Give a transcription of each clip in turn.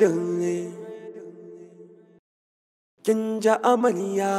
dun ne kin ja amarya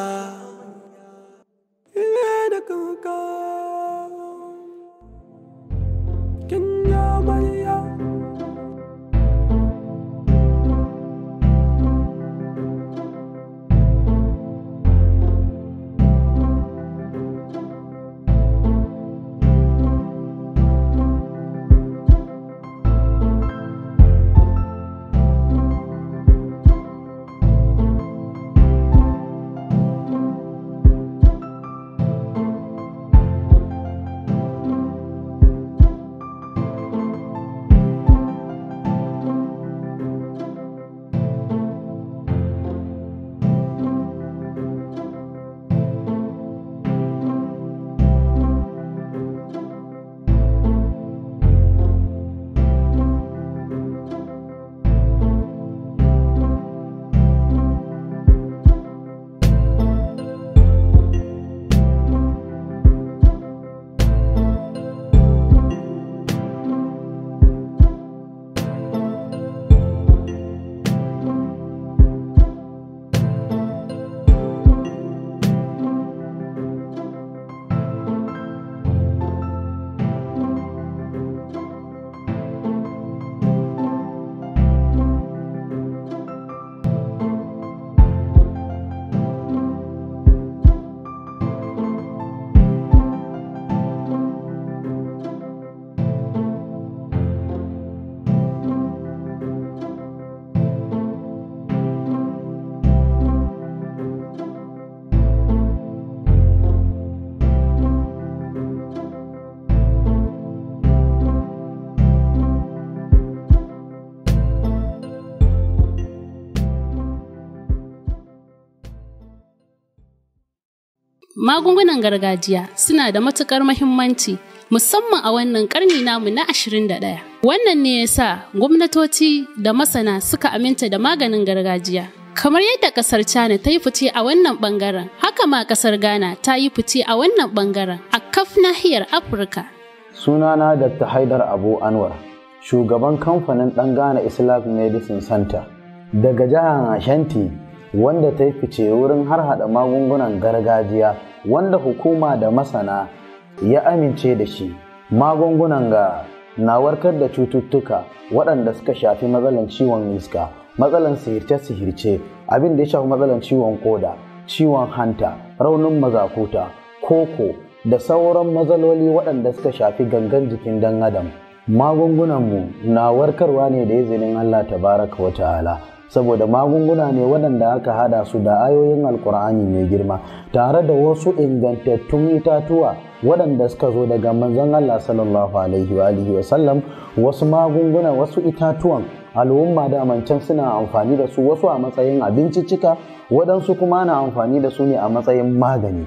Magungunan gargajiya suna da matuƙar mahimmanci musamman a wannan karni namu na 21. Wannan ne ya sa gwamnatoci da masana suka aminta da maganin gargajiya. Kamar yadda ƙasar China ta yi fice a wannan ɓangaren, haka ma ƙasar Ghana ta yi fice a wannan ɓangaren a kaf nahiyar Afirka. Sunana Dr. Haidar Abu Anwar, shugaban kamfanin ɗan Ghana Islam Medicine Center daga jihar Ashanti wanda ta yi fice wurin har hada magungunan gargajiya wanda hukuma da masana ya amince da shi magungunan ga na warkar da cututtuka waɗanda suka shafi matsalan ciwon iska matsalan sihirce-sihirce abin da ya shafi matsalan ciwon koda ciwon hanta raunin mazakuta koko da sauran matsaloli waɗanda suka shafi gangan jikin dan adam magungunanmu na warkarwa ne da izinin allah tabaraka wa ta'ala saboda magunguna ne waɗanda aka hada su da ayoyin alkur'ani mai girma tare da wasu ingantattun itatuwa waɗanda suka zo daga manzon Allah sallallahu alaihi wa alihi wa sallam wasu magunguna wasu itatuwan al'umma da mancan suna amfani da su wasu a matsayin abinciccika waɗansu kuma na amfani da su ne a matsayin magani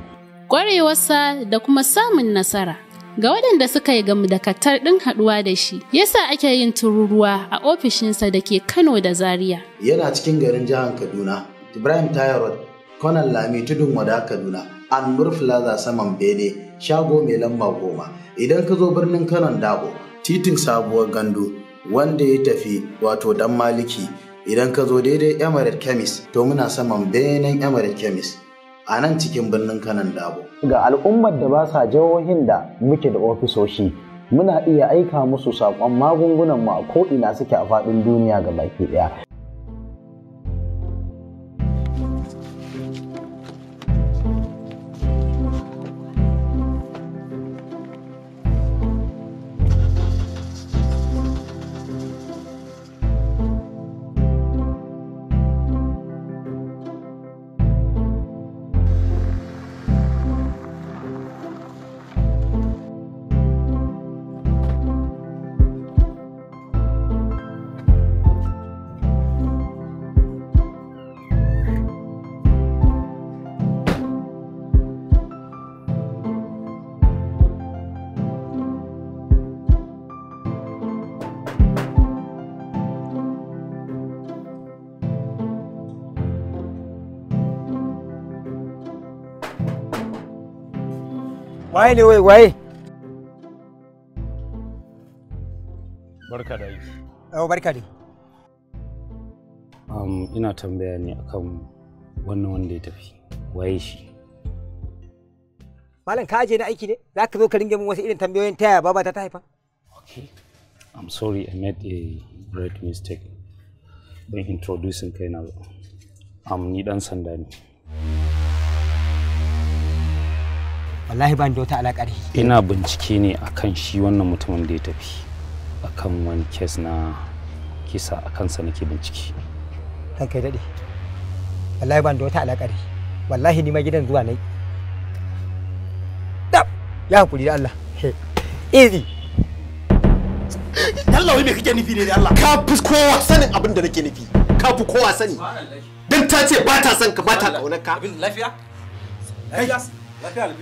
ƙwarewarsa da kuma samun nasara ga waɗanda suka yi gamu da katar ɗin haɗuwa da shi yasa ake yin tururuwa a ofishinsa da ke kano da zaria yana cikin garin jihar kaduna ibrahim tayarod konan lami tudun wada kaduna an murfila saman bene shago mai lamba goma idan ka zo birnin kanon dabo titin sabuwar gandu wanda ya tafi wato dan maliki idan ka zo daidai emirate chemist to muna saman benen emirate chemist a nan cikin birnin kanan dabo. Ga al'ummar da ba sa jihohin da muke da ofisoshi muna iya aika musu saƙon magungunan mu a ko'ina suke a faɗin duniya ga baki ɗaya waye ne wai waye barka da yi yau barka dai um, ina tambaya ne akan wannan wanda ya tafi waye shi malam ka je na aiki ne za ka zo ka ringa min wasu irin tambayoyin taya baba ta haifa okay i'm sorry i made a great mistake ban introducing kaina Am um, ni dan sanda ne wallahi ba ni da wata alaƙa da shi ina bincike ne akan shi wannan mutumin da ya tafi akan wani kes na kisa a sa nake bincike kan kai dade wallahi ba ni da wata alaƙa da shi wallahi ni ma gidan zuwa nai ya hakuri da Allah easy Allah wai me kake nufi ne da Allah ka fi kowa sanin abin da nake nufi ka fi kowa sani dan ta ce ba ta son ka ba ta kaunar ka lafiya lafiya lafiya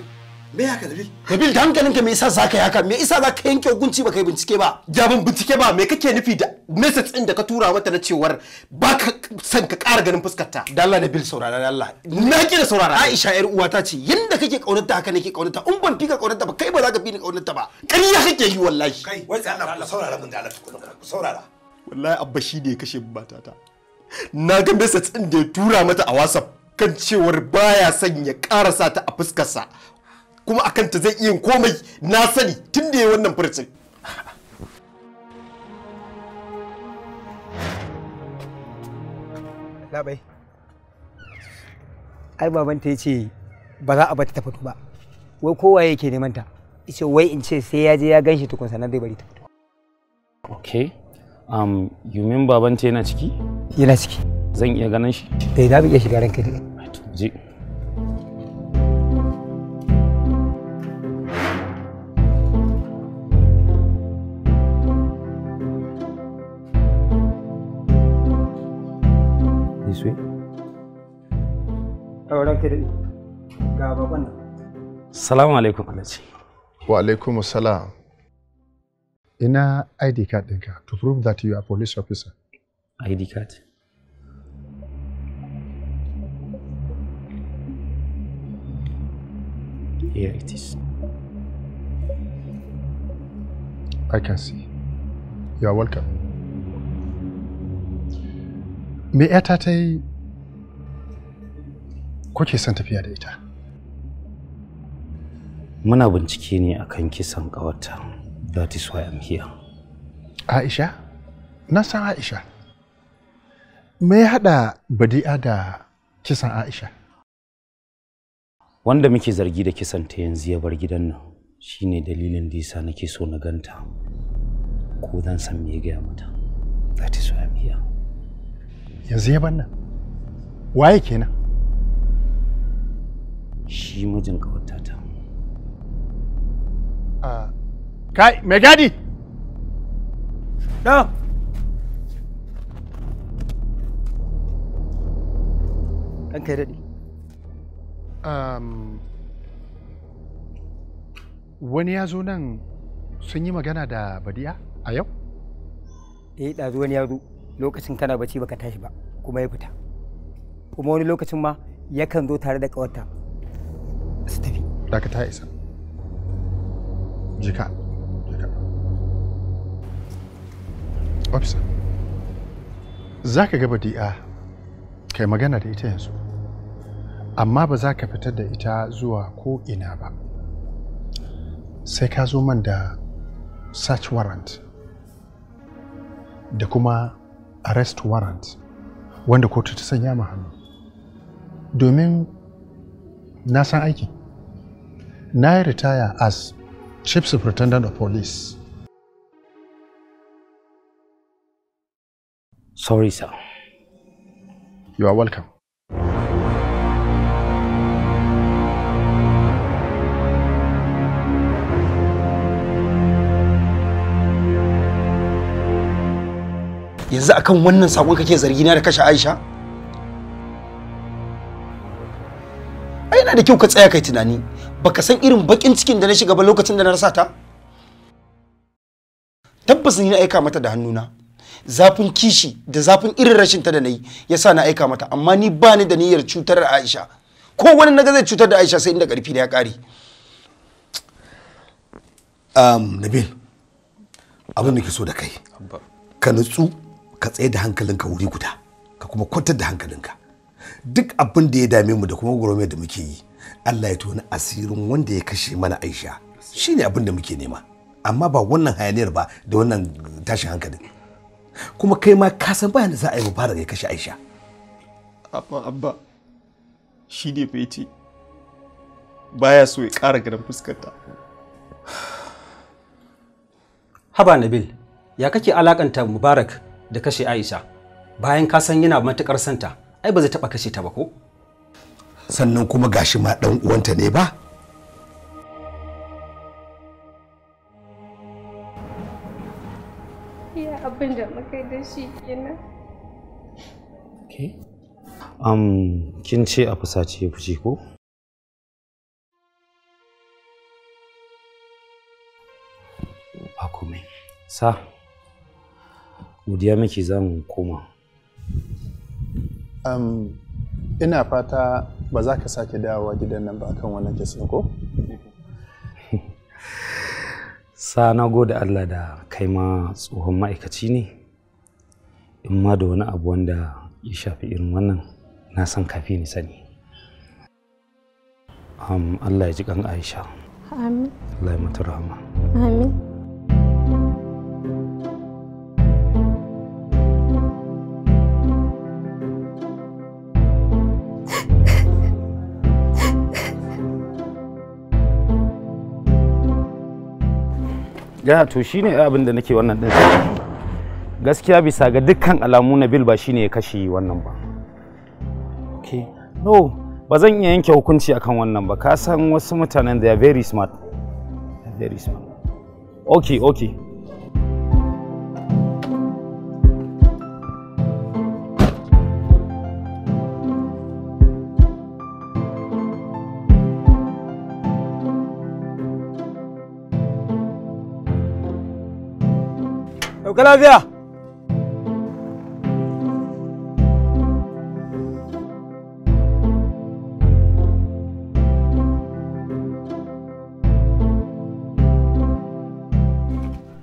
me haka Nabil Nabil da hankalinka me yasa zaka yi haka me yasa zaka yanke hukunci baka yi bincike ba ya ban bincike ba me kake nufi da message din da ka tura mata na cewar baka san ka ƙara ganin fuskar ta da Allah Nabil saurara da Allah na ki da saurara Aisha yar uwata ce yanda kake kaunarta haka nake kaunarta in ban fika kaunarta ba kai ba ka fi ni kaunarta ba ƙarya kake yi wallahi kai wai Allah ku saurara mun da Allah ku saurara wallahi abba shi ne ya kashe matata na ga message din da ya tura mata a WhatsApp kan cewar baya son ya ƙara sa ta a fuskarsa kuma akan ta zai iya komai na sani tun da ya wannan furcin labai ai babanta ya ce ba za a bata tafatu ba wai kowa yake neman ta ce wai in ce sai ya je ya ganshi tukun sannan zai bari ta fito okay um you mean babanta yana ciki yana ciki zan iya ganin shi eh za mu iya shiga ranka dai je alaikum Wa salam. Ina ID card ɗinka to prove that you are police officer. ID card? Here it is. I can see. You are welcome. Me ta ta yi kuke son tafiya da ita muna bincike ne akan kisan kawarta that is why I'm here Aisha na san Aisha me ya haɗa badi'a da kisan Aisha wanda muke zargi da kisan ta yanzu ya bar gidan nan shine dalilin da yasa nake so na ganta ko zan san me ya gaya mata that is why I'm here yanzu ya bar nan waye kenan shi mijin ƙawatata. Kai, mai gadi! Ɗan! Ɗan kai daɗi. Wani ya zo nan sun yi magana da Badiya a yau? Eh, ɗazu wani ya zo lokacin kana bacci baka tashi ba kuma ya fita. Kuma wani lokacin ma yakan zo tare da ƙawarta daga ta isa jika jika ofisa za ka gaba di'a kai magana da ita yanzu amma ba za ka fitar da ita zuwa ko ina ba sai ka zo man da search warrant da kuma arrest warrant wanda kotu ta sanya ma hannu domin na san aiki na yi ritaya as chief superintendent of police sorry sir you are welcome yanzu akan wannan sakon kake zargina da kashe Aisha? yana da kyau ka tsaya kai tunani baka san irin bakin cikin da na shiga ba lokacin da na rasa ta tabbas ni na aika mata da hannuna zafin kishi da zafin irin rashin ta da nayi yasa na aika mata amma ni ba ni da niyyar cutar da Aisha ko wani naga zai cutar da Aisha sai inda karfi da ya kare um Nabil abin da ke so da kai ka nutsu ka tsaye da hankalinka wuri guda ka kuma kwantar da hankalinka duk abin da ya dame mu da kuma gurome da muke yi Allah ya tona asirin wanda ya kashe mana Aisha shine abin da muke nema amma ba wannan hayaniyar ba da wannan tashin hankalin kuma kai ma ka san bayan da za a yi mubarak ya kashe Aisha amma abba shi ne fa baya so ya ƙara ganin fuskarta haba nabil ya kake alakanta mubarak da kashe aisha bayan ka san yana matuƙar santa ai ba zai taba kashe ta ba ko sannan kuma gashi ma ɗan uwanta ne ba ya abin da muka da shi kenan um, kin ce a fusace fushi ko ba sa godiya miki za mu koma um, ina fata ba za ka sake dawowa gidan nan ba kan wannan kisan ko? sa na gode Allah da kai ma tsohon ma'aikaci ne in ma da wani abu wanda ya shafi irin wannan na san kafi ni sani um, Allah ya ji kan Aisha amin Allah ya mata rahama amin ya to shine abin da nake wannan din gaskiya bisa ga dukkan alamu na bil ba shine ya kashe wannan ba okay no ba zan iya yanke hukunci akan wannan ba ka san wasu mutanen they are very smart very smart okay okay Sauka lafiya.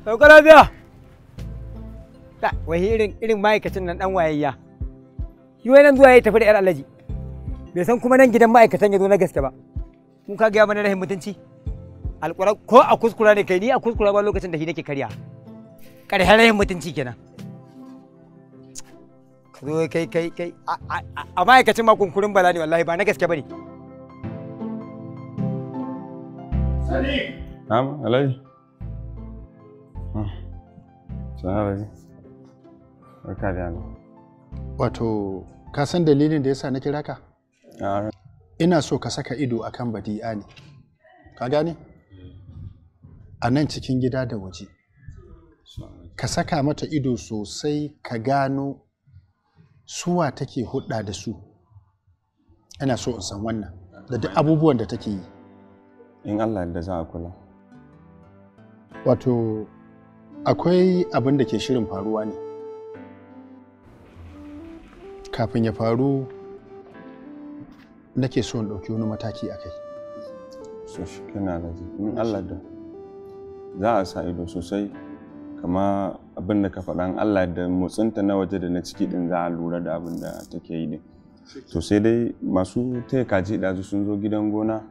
Sauka lafiya. Ta, wai irin irin ma'aikacin nan dan wayayya. Yi wai nan zuwa ya yi tafi da 'yar alaji. Bai san kuma nan gidan ma'aikatan ya zo na gaske ba. Kun ka gaya mana rahin mutunci. Alƙura ko a kuskura ne kai ni a kuskura ba lokacin da shi nake karya. ƙarshen rahin mutunci kenan zo kai kai kai a ma'aikacin ma kunkurin bala ne wallahi ba na gaske bane sani na'am hmm. alai sanar barka da yana wato ka san dalilin da yasa na kira ka ina so ka saka ido akan badi'a ne ka gane a nan cikin gida da waje ka saka mata ido sosai ka gano suwa take hudda da su ana so in san wannan da duk abubuwan da take yi in allah da za a kula wato akwai abin da ke shirin faruwa ne kafin ya faru nake so in ɗauki wani mataki a kai so shi kana da in allah da za a sa ido sosai kama abin da ka faɗan Allah da motsinta na waje da na ciki din za a lura da abin da take yi din to sai dai masu taya kaji ɗazu sun zo gidan gona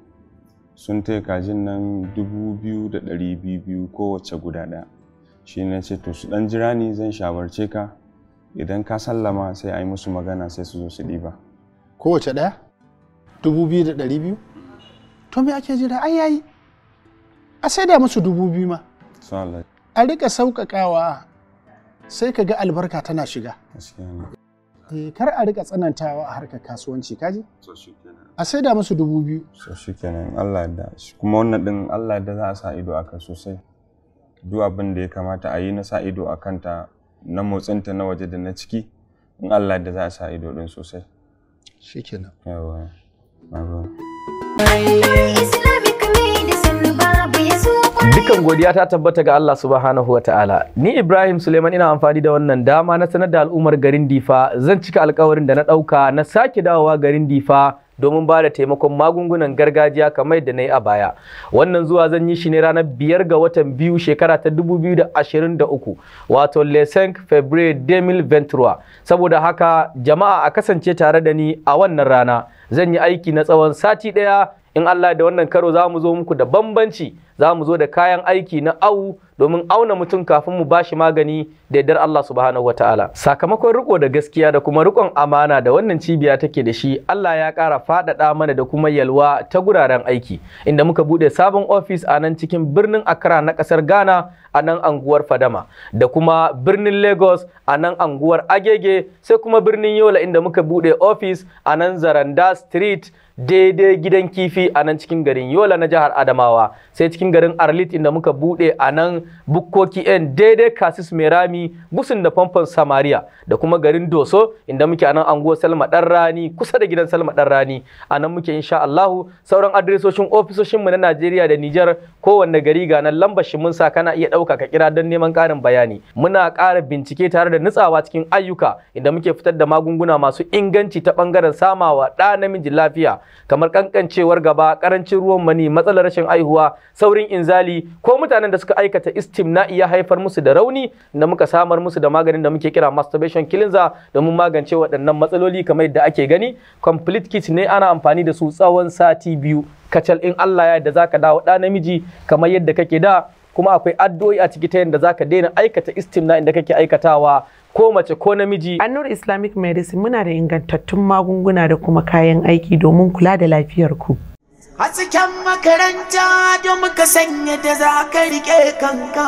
sun taya kajin nan dubu biyu da ɗari biyu biyu kowace guda ɗaya shi na ce to su ɗan jira ni zan shawarce ka idan ka sallama sai a yi musu magana sai su zo su ɗiba kowace ɗaya dubu biyu da ɗari biyu to me ake jira ai yayi a sai da musu dubu biyu ma a rika sauƙaƙawa sai ka ga albarka tana shiga eh, kar a rika tsanantawa a harkar kasuwanci kaji a sai da musu dubu biyu so shi kenan Allah da kuma wannan din Allah da za a sa ido aka sosai duk abin da ya kamata a yi na sa ido a kanta na motsinta na waje da na ciki in Allah da za a sa ido din sosai shi kenan yawa Islamic medicine Dukan godiya ta tabbata ga Allah subhanahu wa ta'ala. Ni Ibrahim Suleiman ina amfani da wannan dama na sanar da al'ummar garin Difa zan cika alkawarin da na ɗauka na sake dawowa garin Difa domin ba da taimakon magungunan gargajiya kamar da na yi a baya wannan zuwa zan yi shi ne ranar biyar ga watan biyu shekara ta da ashirin 2023 wato lesen february demil ventura saboda haka jama'a a kasance tare da ni a wannan rana zan yi aiki na tsawon sati ɗaya in Allah da wannan karo za mu zo muku da bambanci za mu zo da kayan aiki na awu domin auna mutum kafin mu bashi magani da yardar Allah subhanahu ta'ala). sakamakon riko da gaskiya da kuma rikon amana da wannan cibiya take da shi Allah ya ƙara faɗaɗa mana da kuma yalwa ta guraren aiki inda muka buɗe sabon ofis a nan cikin birnin Accra na ƙasar Ghana a nan anguwar Fadama da kuma birnin Lagos a nan anguwar Agege sai kuma birnin Yola inda muka buɗe ofis a nan Zaranda Street daidai gidan kifi a nan cikin garin yola na jihar adamawa sai cikin garin arlit inda muka bude a nan bukkoki yan daidai kasis Rami, gusun da famfon samaria da kuma garin doso inda muke a nan anguwa salma dan rani kusa da gidan salma dan rani a nan muke insha allahu sauran adresoshin ofisoshin mu na najeriya da nijar kowanne gari ga nan lambar shi mun sa kana iya ɗauka ka kira don neman karin bayani muna ƙara bincike tare da nutsawa cikin ayyuka inda muke fitar da magunguna masu inganci ta ɓangaren samawa ɗa namiji lafiya kamar kankancewar gaba karancin ruwan mani matsalar rashin aihuwa saurin inzali ko mutanen da suka aikata istimna'i ya haifar musu da rauni na muka samar musu da maganin da muke kira masturbation cleanser domin magance waɗannan matsaloli kamar yadda ake gani complete kit ne ana amfani da su tsawon sati biyu kacal in Allah ya yarda zaka dawo da namiji kamar yadda kake da kuma akwai addu'o'i a ciki ta yadda zaka daina aikata istimna inda kake aikatawa ko mace ko namiji. Annur Islamic Medicine muna da ingantattun magunguna da kuma kayan aiki domin kula da lafiyar ku. Hasken makaranta da muka sanya da za ka riƙe kanka.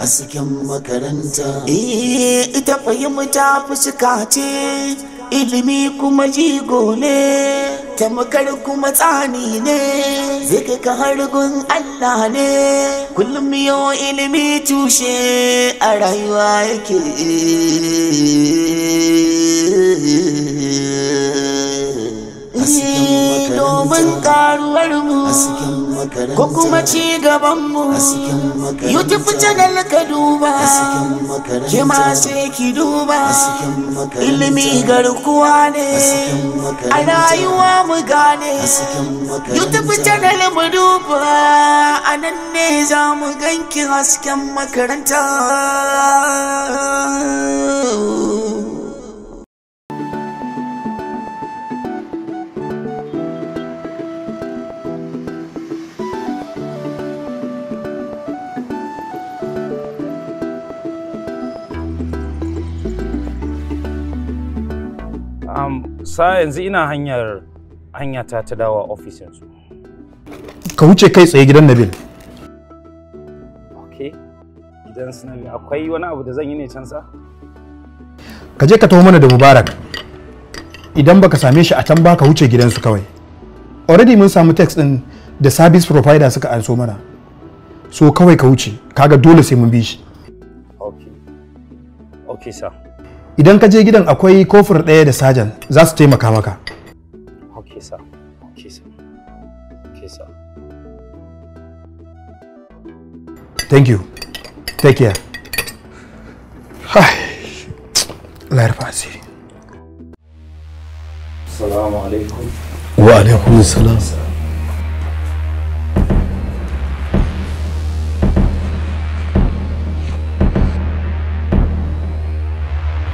Hasken makaranta. Eh ita fahimta fuska ce, ilimi kuma jigo ne. tamkar kuma tsani ne zika ka hargun Allah ne kullum yau ilimi tushe a rayuwa yake domin karuwar mu ko kuma ci gaban mu youtube channel ka duba ki ma sai ki duba ilimi garkuwa ne a rayuwa mu gane youtube channel mu duba a nan ne za mu ganki hasken makaranta Um, sa yanzu ina hanyar hanyata ta dawa ofis yanzu. Ka wuce kai tsaye gidan Nabil. Okay. Gidan su Nabil akwai wani abu da zan yi ne can sa? Ka je ka taho mana da Mubarak. Idan baka same shi a can ba ka wuce gidansu kawai. Already mun samu text din da service provider suka anso mana. So kawai ka wuce, kaga dole sai mun bi shi. Okay. Okay sir. idan ka je gidan akwai kofur ɗaya da sajan za su taimaka maka thank you take care layar fasiri salamu alaikum wa alaikum salam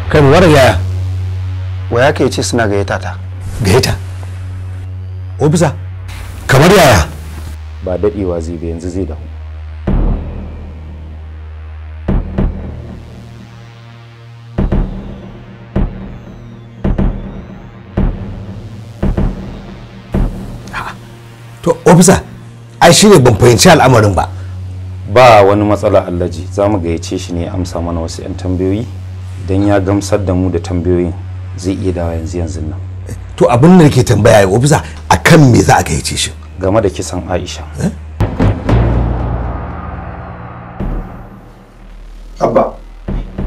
kai mu wara yaya waya ka ce suna gayyata ta gayyata ofisa kamar yaya ba daɗewa zai ba yanzu zai da to ofisa ai shi ban fahimci al'amarin ba ba wani matsala allaji zamu mu gayyace shi ne amsa mana wasu 'yan tambayoyi idan ya gamsar da mu da tambayoyin zai iya dawa yanzu yanzu nan to abin da ke tambaya ya ofisa akan me za a gayyace shi game da kisan Aisha eh? abba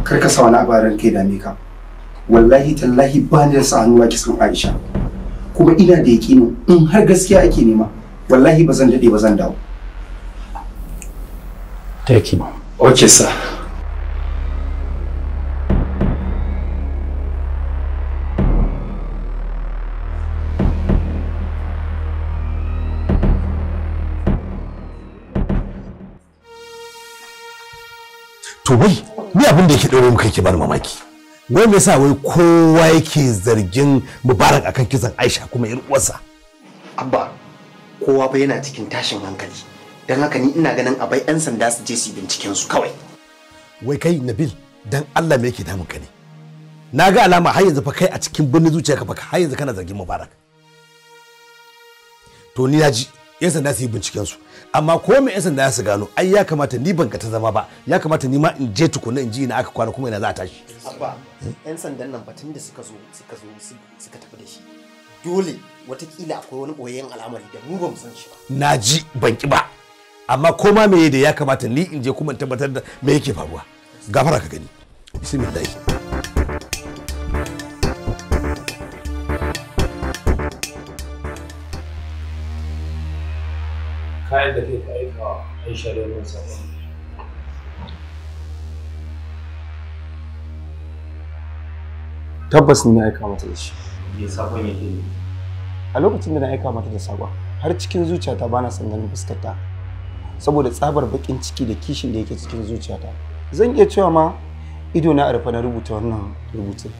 kar ka sa wani abaran kai da ka wallahi tallahi ba ni da a kisan Aisha kuma ina da yakinin in har gaskiya ake nema wallahi ba zan daɗe ba zan dawo Thank you. Okay, sir. to wai ni abin da yake ɗaure muka yake bar mamaki wai me yasa wai kowa yake zargin mubarak akan kisan aisha kuma yar uwarsa abba kowa fa yana cikin tashin hankali don haka ni ina ganin abai yan sanda su je su binciken su kawai wai kai nabil dan allah me yake damun ne na ga alama har yanzu fa kai a cikin birnin zuciyarka fa har yanzu kana zargin mubarak to ni na ji yan sanda su yi binciken su amma ko mai yan sanda su gano ai ya kamata ni ban ta zama ba ya kamata ni ma in je tukuna in ji ina aka kwana kuma ina za a tashi abba yan sandan nan batun da suka zo suka zo suka tafi da shi dole watakila akwai wani boyayyen al'amari da mu ba mu san shi ba na ji ban ki ba amma ko ma me da ya kamata ni in je kuma in tabbatar da me yake faruwa gafara ka gani bismillah kayan da kai ka aika wa ɗan da ruwan tabbas ni na aika mata da shi me sabon yake ne a lokacin da na aika mata da sabon har cikin zuciyata ba na sanganin fuskarta saboda tsabar bakin ciki da kishin da yake cikin zuciyata zan iya cewa ma ido na arfa na rubuta wannan rubutun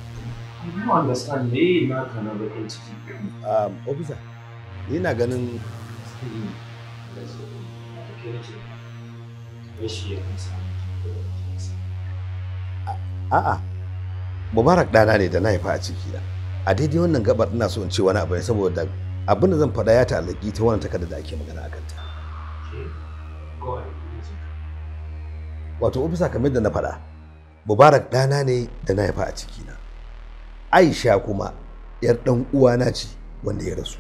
I don't understand me na kana bakin ciki um officer ina ganin da a'a mubarak ɗana ne da na haifa a ciki na a daidai wannan gabar ina so in ce wani abu ne saboda abin da zan faɗa ya ta'allaki ta wannan takarda da ake magana akan kanta. wato ofisa kamar da na faɗa mubarak ɗana ne da na haifa a ciki na aisha kuma yar ɗan uwana ce wanda ya rasu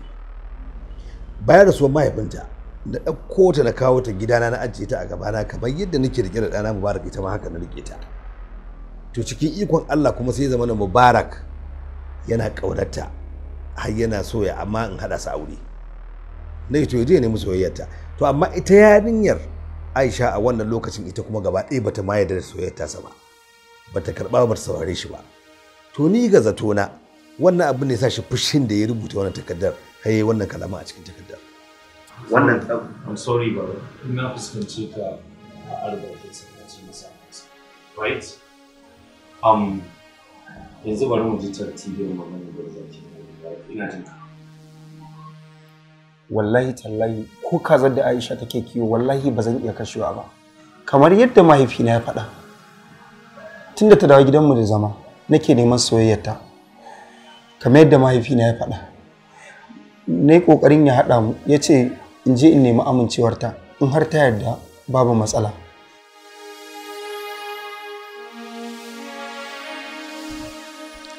bayan rasuwar mahaifinta na ɗauko ta na kawo ta gidana na ajiye ta a gabana kamar yadda nake rike da ɗana mubarak ita ma haka na rike ta to cikin ikon Allah kuma sai zama na mubarak yana ƙaunarta har yana soya amma in haɗa su aure na to je ne musu soyayyarta to amma ita yarinyar Aisha a wannan lokacin ita kuma gaba ɗaya bata ma yarda da soyayyarta sa ba bata karɓa ba saurare shi ba to ni ga zato na wannan abin ne sa shi fushin da ya rubuta wannan takardar har yayi wannan kalama a cikin takardar wannan tsab I'm sorry ba, ina fuskanci ka a albarkin sakaci na sakansa right um yanzu bari mu ji tartibin maganar da zaki ina jin ka wallahi tallahi ko kazar da Aisha take kiwo wallahi ba zan iya kashewa ba kamar yadda mahaifina ya faɗa tunda ta dawo gidanmu da zama nake neman soyayyarta kamar yadda mahaifina ya faɗa na yi ƙoƙarin ya haɗa mu ya ce in je in nemi amincewarta in har ta yarda babu matsala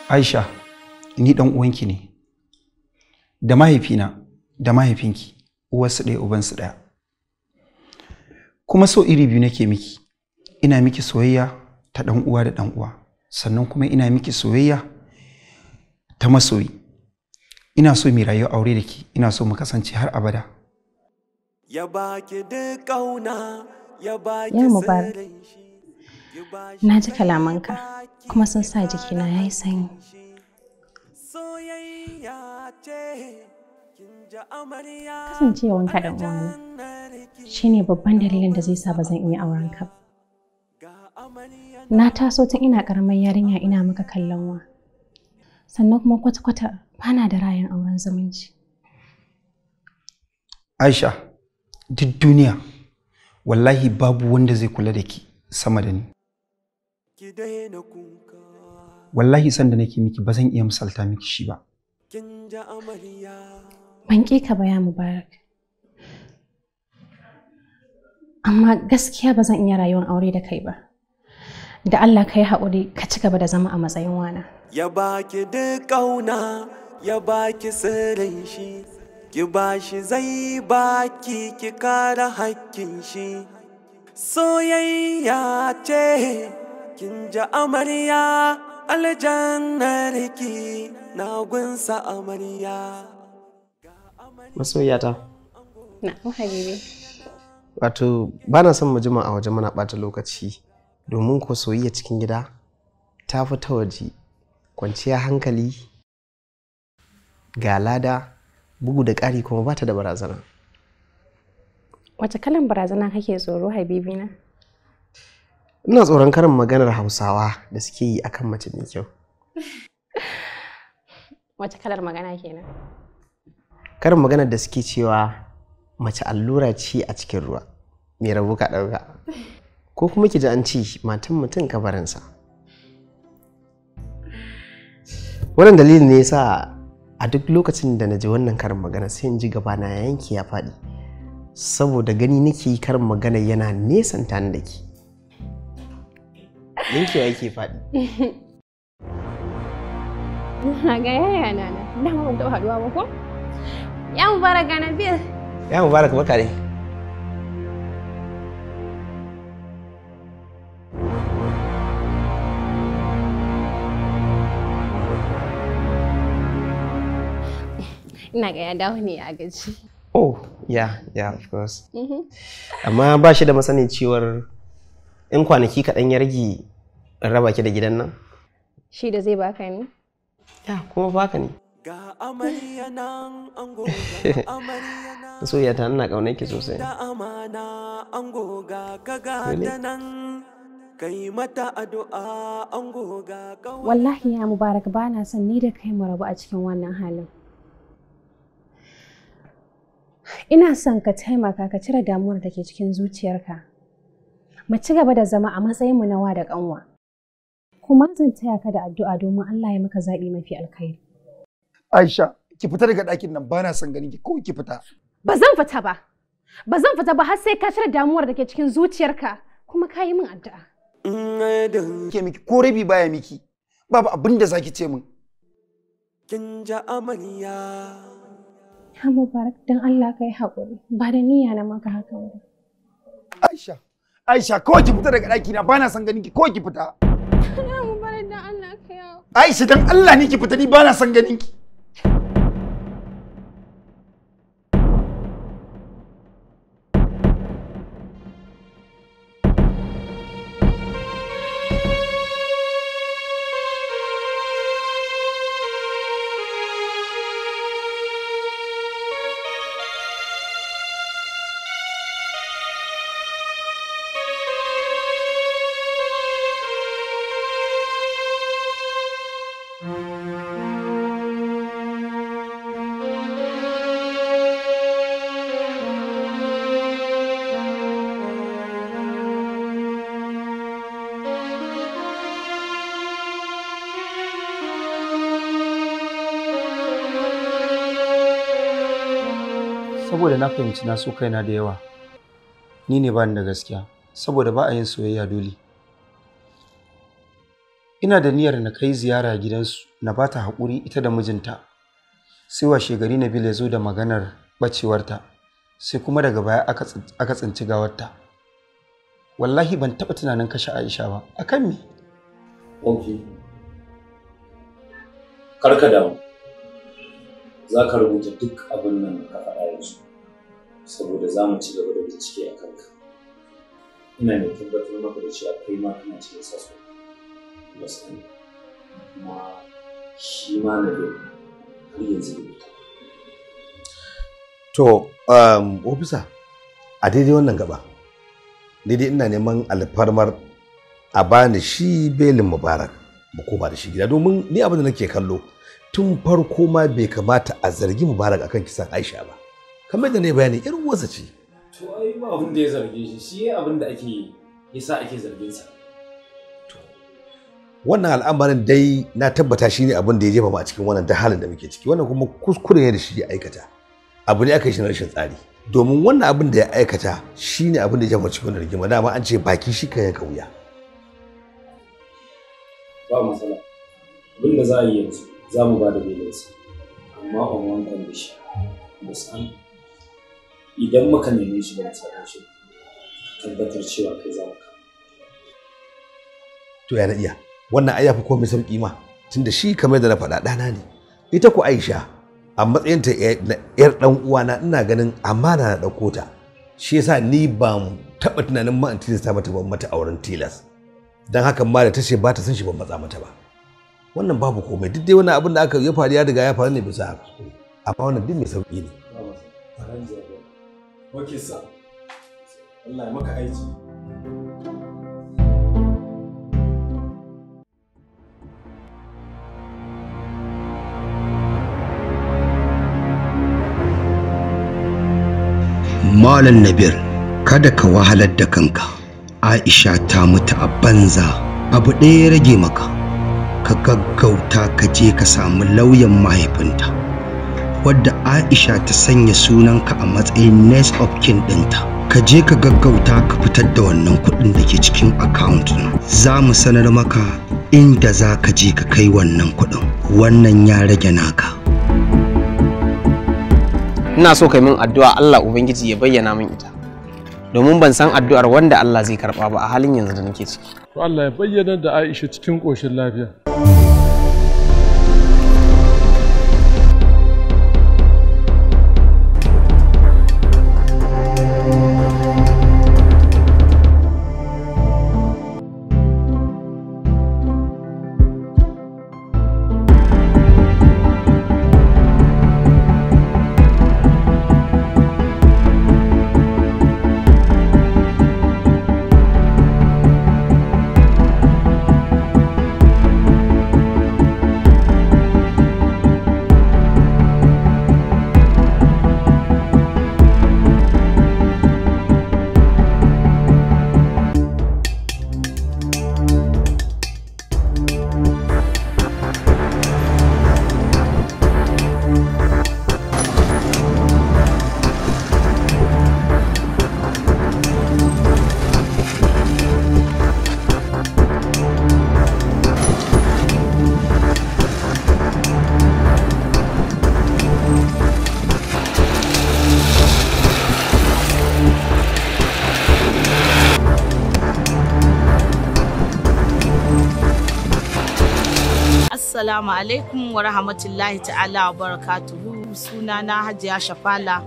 aisha ni ɗan uwanki ne da mahaifina da mahaifinki uwarsu ɗaya ubansu ɗaya kuma so iri biyu nake miki ina miki soyayya ta ɗan uwa da ɗan uwa sannan kuma ina miki soyayya ta masoyi ina so mu rayuwa aure da ki ina so mu kasance har abada ya baki ya baki na ji kalamanka kuma sun sa jikina ya yi sanyi soyayya ce kasancewanka da uwana shi ne babban dalilin da zai sa ba zan iya auren ka na taso tun ina karamar yarinya ina maka kallon wa sannan kuma kwata-kwata bana da rayan auren zumunci aisha duk duniya wallahi babu wanda zai kula da ki sama da ni wallahi san da nake miki ba zan iya misalta miki shi ba ban ƙi ka baya mubarak amma gaskiya ba zan iya rayuwar aure da kai ba da Allah ka yi haƙuri ka ci gaba da zama a matsayin wana ya baki duk ƙauna ya baki sirrin shi ki shi zai baki ki kara hakkin shi soyayya ce kin ji amarya aljannarki na gunsa amarya masoyata na'am habibi wato ba na son mu jima a waje muna bata lokaci domin ko soyayya cikin gida ta fi ta waje kwanciya hankali ga lada bugu da ƙari kuma ba ta da barazana wace kalan barazana kake tsoro habibi ina tsoron karin maganar hausawa da suke yi akan mace mai kyau wace kalar magana kenan karin maganar da suke cewa mace allura ce a cikin ruwa mai rabu ka ɗauka ko kuma ki ji an ci matan mutum kabarinsa wannan dalilin ne ya sa. a duk lokacin da na ji wannan karin magana sai in ji gaba na yanki ya faɗi saboda gani nake yi karin magana yana nesan ta da ke yankewa ke faɗi ga yaya na na dama ban taɓa haɗuwa ba ko ya mubaraka na biyar ya mubaraka barka dai ina ga ya dawo ne ya gaji oh ya ya of course mm-hmm. amma ba shi da masani cewar in kwanaki kaɗan ya rage raba ki da gidan nan shi da zai baka ne ya kuma baka ne ga amarya nan ango ga amarya nan soyayya ta ina kaunar ki sosai Ga amana ango ga kaga da nan kai mata addu'a ango ga wallahi ya mubarak bana son ni da kai mu rabu a cikin wannan halin Ina son ka taimaka ka cire damuwar da ke cikin zuciyarka. Mu ci gaba da zama a matsayinmu na wa da kanwa Kuma zan taya ka da addu'a domin Allah ya maka zaɓi mafi alkhairi. Aisha, ki fita daga ɗakin nan bana son ganin ki ko ki fita. Ba zan fita ba. Ba zan fita ba har sai ka cire damuwar da ke cikin zuciyarka kuma ka yi min addu'a. Ke miki ko rabi baya miki. Babu abin da zaki ce min. Kin ja amaniya. Ya Mubarak don Allah ka yi haƙuri ba da niyya na maka haka ba. Aisha, Aisha ko ki fita daga ɗaki na bana son ganin ki ko ki fita. Mubarak don Allah ka yi Aisha don Allah ni ki fita ni bana son ganin ki. saboda na fahimci na so kaina da yawa ni ne ba ni da gaskiya saboda ba a yin soyayya dole ina da niyyar na kai ziyara gidansu na ba ta haƙuri ita da mijinta sai washe gari na ya zo da maganar ɓacewarta sai kuma daga baya aka tsinci gawarta wallahi ban taɓa tunanin kashe aisha ba akan me ok karka damu za ka rubuta duk abin nan da ka faɗa yanzu saboda za mu ci gaba da bincike a kanka ina mai tabbatar maka da cewa kai ma kana cikin saso da sani kuma shi ma na da har yanzu da fita to um, ofisa a daidai wannan gaba daidai ina neman alfarmar a bani shi belin mubarak ko ba da shi gida domin ni abin da nake kallo tun farko ma bai kamata a zargi mubarak akan kisan aisha ba kamar da ne bayani irin wasa ce to ai ba abin da ya zarge shi shi abin da ake yasa ake zargin sa wannan al'amarin dai na tabbata shi ne abin da ya jefa mu a cikin wannan da halin da muke ciki wannan kuma kuskure ne da shi ya aikata abu ne aka yi shi na rashin tsari domin wannan abin da ya aikata shi ne abin da ya jefa cikin rigima dama an ce baki shi kan yanka wuya ba matsala abin da za a yi yanzu za mu ba da bilansu amma on one condition musan idan muka neme shi da mu shi tabbatar cewa kai za mu kama to ya na iya wannan ai yafi komai sauki ma tunda shi kamar da na faɗa ɗana ne ita ku Aisha a matsayinta yar dan uwana ina ganin amana na ɗauko ta shi yasa ni ba mu taɓa tunanin ma an sa mata ban mata auren tilas don haka ma da ta ce ba ta san shi ban matsa mata ba wannan babu komai duk dai wani abin da aka ya faru ya riga ya faru ne bisa haka amma wannan duk mai sauƙi ne Allah ya maka Malam Nabir kada ka wahalar da kanka Aisha ta mutu a banza abu ɗaya ya rage maka ka gaggauta ka je ka samu lauyan mahaifinta wadda aisha ta sanya sunanka a matsayin next of kin ɗinta ka je ka gaggauta ka fitar da wannan kuɗin da ke cikin account za mu sanar maka inda za ka je ka kai wannan kuɗin wannan ya rage naka ina so kai min addu'a Allah ubangiji ya bayyana min ita domin ban san addu'ar wanda Allah zai karba ba a halin yanzu da nake ciki to Allah ya bayyana da Aisha cikin koshin lafiya Oh Assalamu alaikum wa rahmatullahi ta'ala wa barakatuhu suna na Hajiya Shafala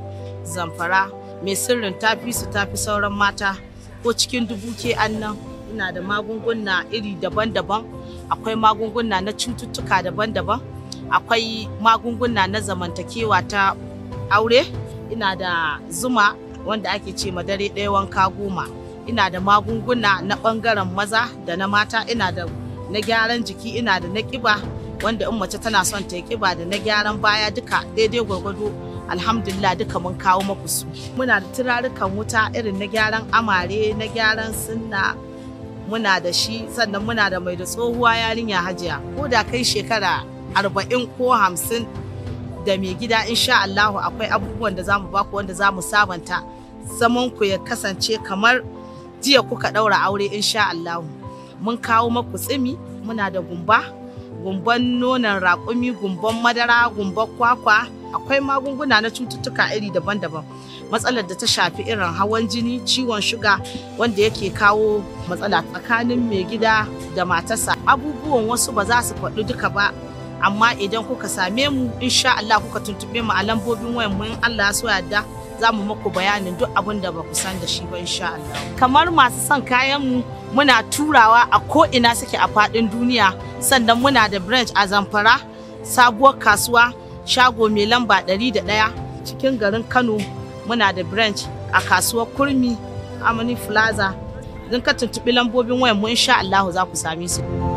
Zamfara mai sirrin tafi su tafi sauran mata ko cikin dubu ke annan ina da magunguna iri daban-daban akwai magunguna na cututtuka daban-daban akwai magunguna na zamantakewa ta aure ina da zuma wanda ake ce madare ɗaya wanka goma ina da magunguna na ɓangaren maza da na mata ina da na gyaran jiki ina da na ƙiba wanda in mace tana son ta yi kiba da na gyaran baya duka daidai gwargwado alhamdulillah duka mun kawo maku su muna da turarukan wuta irin na gyaran amare na gyaran sunna muna da shi sannan muna da mai da tsohuwa yarinya hajiya ko da kai shekara arba'in ko hamsin da mai gida insha Allahu akwai abubuwan da za mu baku wanda za mu sabanta zaman ku ya kasance kamar jiya kuka daura aure insha Allahu mun kawo maku tsimi muna da gumba gumban nonon raƙumi gumban madara gumban kwakwa akwai magunguna na cututtuka iri daban-daban matsalar da ta shafi irin hawan jini ciwon shuga wanda yake kawo matsala tsakanin mai gida da matarsa abubuwan wasu ba za su faɗi duka ba amma idan kuka same mu insha Allah kuka tuntube mu a lambobin wayan mu in Allah so yarda za mu muku bayanin duk abin da ba ku san da shi ba insha Allah kamar masu son kayan mu muna turawa a ko ina suke a faɗin duniya sannan muna da branch a zamfara sabuwar kasuwa shago mai lamba 101 cikin garin kano muna da branch a kasuwar kurmi amini plaza don ka tuntubi lambobin wayan mu insha allahu za ku same su.